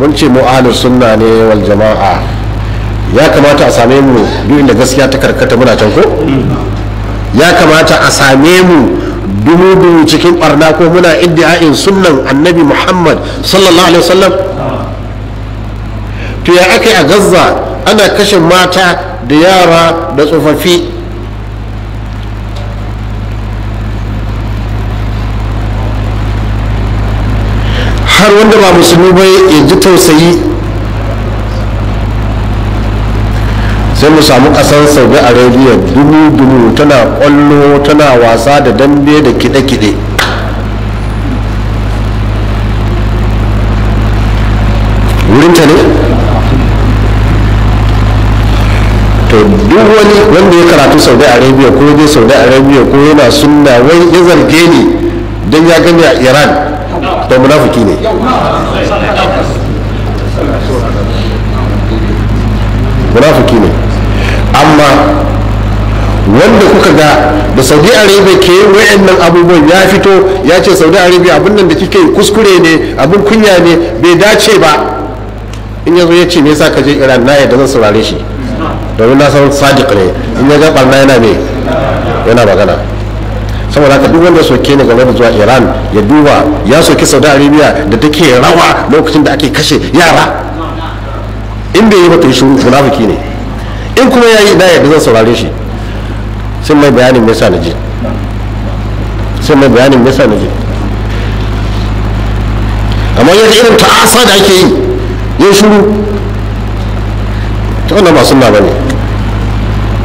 mun ce mu ahlus sunna ne wal jama'a ya kamata a same mu duk inda gaskiya ta karkata muna can ko ya kamata a same mu dubu cikin barna ko muna iddiya'in sunnan annabi muhammad sallallahu alaihi wasallam to ya aka a gazza ana kashe mata da yara da tsofaffi har wanda ba musulmi ba ya ji tausayi sai mu samu ƙasar saudi arabia dubu dubu tana kwallo tana wasa da dambe da kiɗe-kiɗe wurinta ne to duk wani wanda ya karatu saudi arabia ko dai saudi arabiya ko yana sunna wai ya zarge ni don ya gani a iran to munafiki ne munafiki ne amma wanda kuka ga da saudi arabia ke wayannan abubuwan ya fito ya ce saudi arabia abin nan da kike kuskure ne abin kunya ne bai dace ba in yazo ya ce me yasa ka je iran na yadda zan saurare shi domin na san sadiq ne in ya ga barna yana me yana magana saboda haka duk wanda ya soke ni game da zuwa iran ya duba ya soki saudi arabia da take rawa lokacin da ake kashe yara in bai yi mata yi shuru munafiki ne in kuma ya yi na yadda zan saurare shi sun mai bayanin me yasa na sun mai bayanin me na je amma yadda irin ta'asa da ake yi ya shuru ta wannan masu nama ne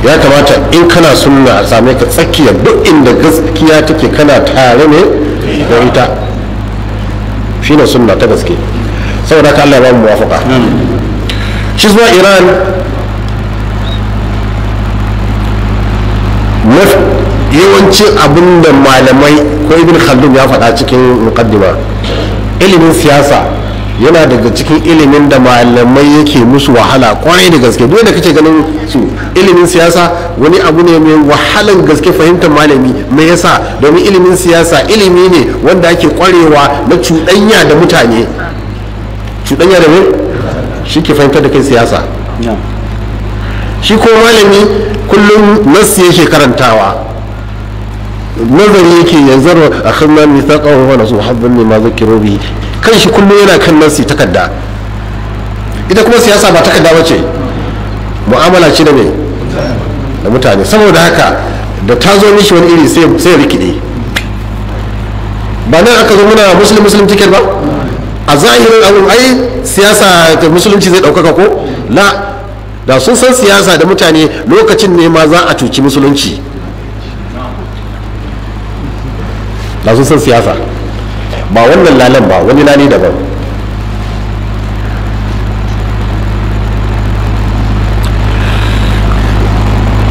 ya kamata in kana sunna a same ka tsakiya duk inda gaskiya take kana tare ne da ita shi ne sunna ta gaske saboda ka Allah ba mu muwafaqa shi zuwa Iran yawancin abinda malamai ko ibn khaldun ya faɗa cikin muqaddima ilimin siyasa yana daga cikin ilimin da malamai yake musu wahala kwarai da gaske duk da kake ganin su ilimin siyasa wani abu ne mai wahalan gaske fahimtar malami me yasa domin ilimin siyasa ilimi ne wanda ake kwarewa na cuɗanya da mutane cuɗanya da me shi ke fahimtar da kai siyasa shi ko malami kullum nas yake karantawa nazari yake yanzu akhadna mithaqahu wa nasu ne ma zukiru bihi kan shi kullum yana kan nan su takarda ita kuma siyasa ba takarda ba ce mu'amala ce da mai da mutane saboda haka da ta zo mishi wani iri sai rikide ba nan aka zo muna musulun musulun ticket ba a zahirin abin ai siyasa da musulunci zai ɗaukaka ko la da sun san siyasa da mutane lokacin ne ma za a cuci musulunci da sun san siyasa ba wannan lalan ba wani da daban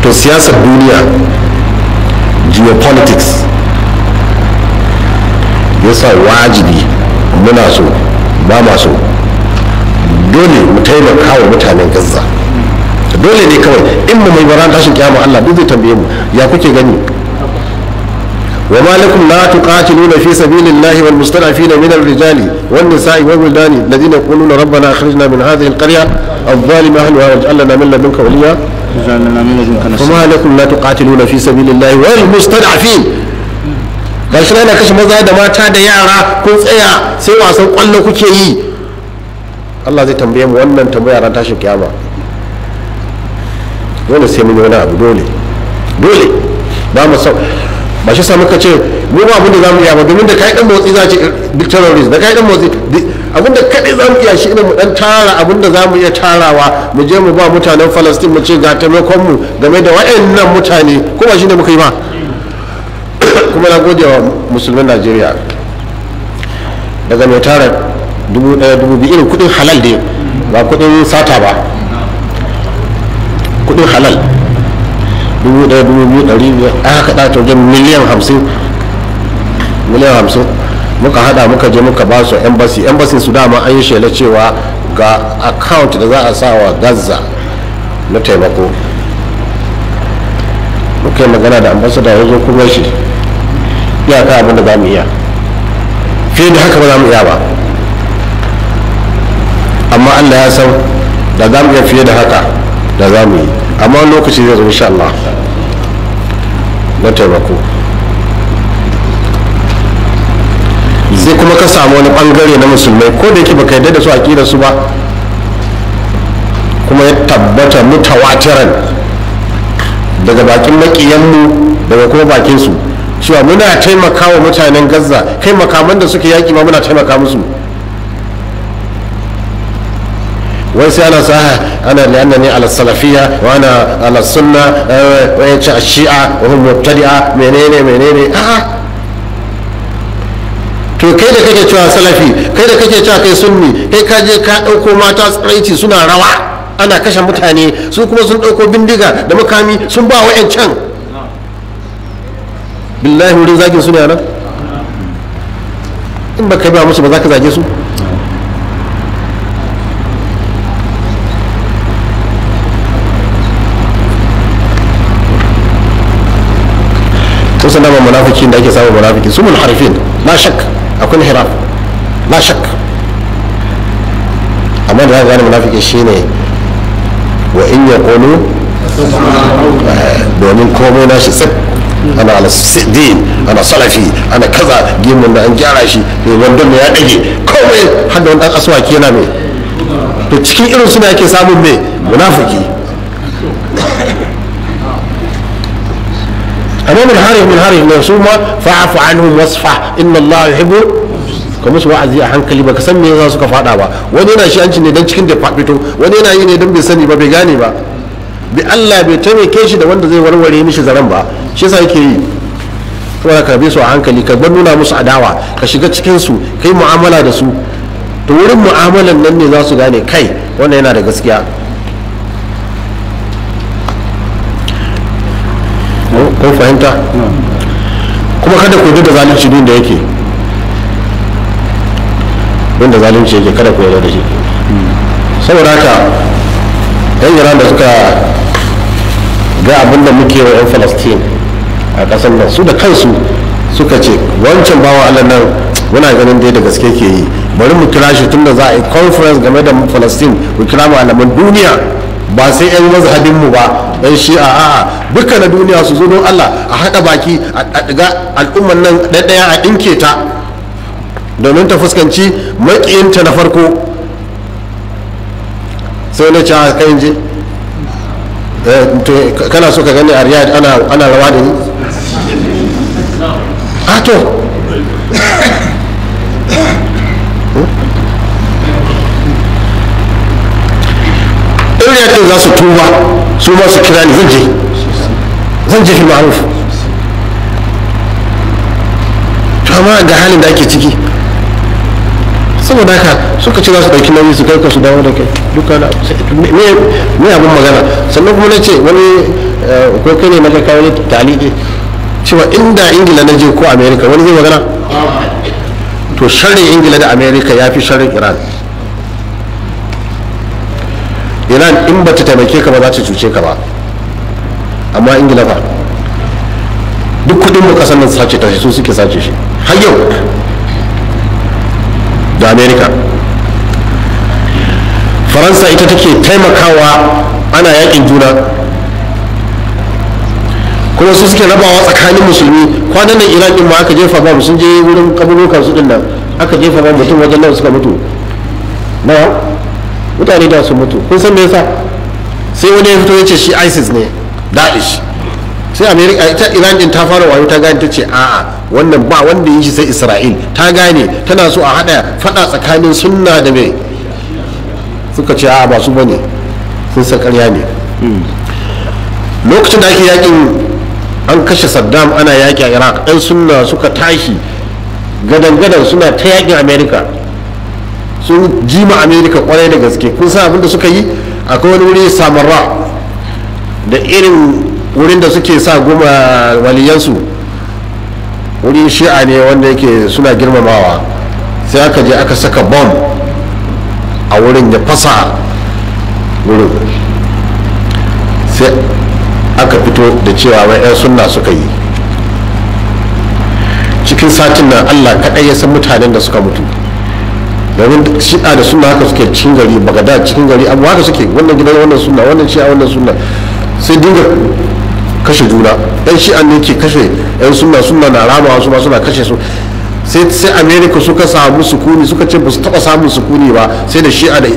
to siyasar duniya geopolitics sa wajibi muna so ba ma dole mu taimaka wa mutanen gaza dole ne kawai in mu mai baran tashin kiyama Allah duk zai tambaye mu ya kuke gani وما لكم لا تقاتلون في سبيل الله والمستضعفين من الرجال والنساء والولدان الذين يقولون ربنا اخرجنا من هذه القريه الظالم اهلها واجعل لنا من لدنك وليا وما لكم لا تقاتلون في سبيل الله والمستضعفين gashi na kashe maza da mata da yara kun tsaya sai wasan kwallo kuke yi Allah zai tambaye mu wannan tambaya ran tashin kiyama dole sai mun yi wani abu dole dole ba mu sau ba shi samu ka ce mu ba abin da za mu iya ba domin da kai dan motsi za ce eh, terrorist da kai dan motsi abin da kadai za mu iya shi ne mu dan tara abin da za mu iya tarawa mu je mu ba mutanen falastin mu ce ga taimakon mu game da wayannan mutane ko ba shi ne muka yi ba kuma na gode wa musulmin najeriya daga mai tara dubu daya dubu biyu irin kudin halal ne ba kudin sata ba kudin halal dubu ɗaya dubu biyu ɗari biyar aka kaɗa ta wajen miliyan hamsin miliyan hamsin muka hada muka je muka ba su embassy embassy su dama an yi shela cewa ga account da za a sa wa gaza na taimako muka yi magana da ambasada ya zo kuma shi iyaka abin da za mu iya fiye da haka ba za mu iya ba amma allah ya san da za mu iya fiye da haka da za mu yi amma lokaci zai zo insha Allah na taimako zai kuma ka samu wani bangare na musulmai ko da yake baka yadda da su a kira su ba kuma ya tabbata mutawatiran daga bakin makiyanmu daga kuma bakin su cewa muna taimaka wa mutanen gaza kai makaman da suke yaki ma muna taimaka musu wai sai ana saha ana li'anna ne ala salafiya wa ana ala sunna eh, wa ya ci shi'a wa hum mubtadi'a menene menene a to kai da kake cewa salafi kai da kake cewa kai sunni kai ka je ka dauko mata tsiraici suna rawa ana kashe mutane su kuma sun dauko bindiga da makami sun ba wa can billahi wurin zagin suna nan in ba ka ba musu ba za ka zage su kun san dama munafiki da ake samun munafiki su munharifin la shak akwai hiraf la shak amma da zaka gane munafiki shine wa in qulu eh, domin komai nashi sai ana ala din ana salafi ana kaza gimin da an gyara shi ne eh, wandon ya dage komai har da wani dan aswaki yana to cikin irin suna yake samun me munafiki wa min harihim min harihim ne su ma fa'afu anhum wasfa inna Allah yuhibbu ka musu wa'azi a hankali baka san me za su ka fada ba wani yana shi anci ne dan cikin da wani yana yi ne dan bai sani ba bai gane ba bi Allah bai taimake shi da wanda zai warware mishi zaren ba shi yasa yake yi to ka bi su a hankali ka bar nuna musu adawa ka shiga cikin su kai mu'amala da su to wurin mu'amalan nan ne za su gane kai wannan yana da gaskiya kun fahimta kuma kada ku da zalunci duk da yake duk da zalunci yake kada ku yarda da shi saboda haka yan iran da suka ga abin da muke wa yan falastin a kasar nan su da kansu suka ce wancan bawan allah nan muna ganin dai da gaske ke yi bari mu kira shi tun da za a yi conference game da falastin mu kira mu alamin duniya ba sai 'yan mazhabinmu ba ɗan shi'a a'a duka na duniya su zo don allah a haɗa baki a ɗiga al'umman nan ɗaya a ɗinke ta domin ta fuskanci maƙiyinta na farko sai na a ah, je eh, kana so ka gani a riyad ana rawa da ni a ah, za su tuba su ba su kira ni zan je zan je fil ma'ruf to amma ga halin da ake ciki saboda haka suka ci za su ɗauki nauyi su kai ka su dawo da kai duka na mai abin magana sannan kuma na ce wani eh, ko kai ne na ga kawo talibi eh, cewa inda ingila na je ko america wani zai magana to sharrin ingila da america ya fi sharrin iran in ba ta taimake ka ba za ta cuce ka ba amma ingila ba duk kudin mu kasan nan sace tashi su suke sace shi har yau da america faransa ita take taimakawa ana yakin juna kuma su suke rabawa tsakanin musulmi kwanan nan iran ma aka jefa ba sun je wurin kaburukan su din nan aka jefa ba mutum wajen nan suka mutu na mutane da su mutu kun san me yasa sai wani ya fito ya ce shi isis ne da'ish sai america ita iran din ta fara wayo ta gane ta ce a'a wannan ba wanda yi shi sai isra'il ta gane tana so a hada fada tsakanin sunna da me suka ce a'a ba su bane sun sa karya ne lokacin da ake yakin an kashe saddam ana yaki a iraq yan sunna suka tashi gadan-gadan suna ta yakin america sun jima amerika kwarai da gaske kun san abin da suka yi akwai wani wuri samarra da irin wurin da suke sa goma waliyansu wuri shi'a ne wanda yake suna girmamawa sai aka je aka saka bom a wurin ya fasa wurin sai aka fito da cewa mai 'yan sunna suka yi cikin satin nan allah kaɗai ya san mutanen da suka mutu domin shi'a da suna haka suke cikin gari bagada cikin gari abu haka suke wannan gidan wannan suna wannan shi'a wannan suna sai dinga kashe juna yan shi'a ne ke kashe yan suna suna na rama su ma suna kashe su sai sai america suka samu sukuni suka ce ba su taba samun sukuni ba sai da shi'a da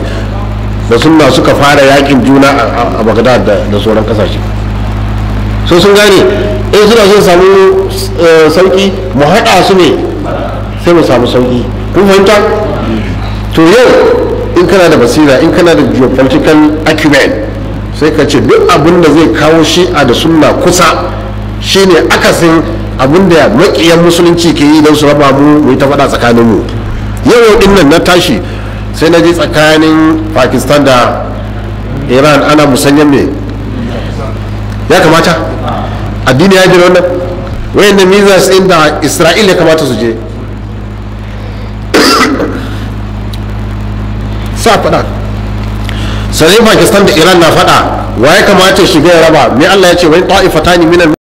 da suna suka fara yakin juna a bagdad da sauran kasashe so sun gane in suna sun samu eh, sauki mu haɗa su ne sai mu samu sauki kun fahimta to yau in kana da basira in kana da geopolitical acumen sai ka ce duk abin da zai kawo shi'a da sunna kusa shine akasin abin da makiyan musulunci ke yi don su raba mu mu ta faɗa tsakanin mu yau din nan na tashi sai na je tsakanin pakistan da iran ana musanyen ne ya kamata addini ya jira wannan wayan da mizas inda isra'ila ya kamata su je sa faɗa sai pakistan da iran na faɗa waye kamata shiga ya raba me allah ya ce wai ta'ifatani minan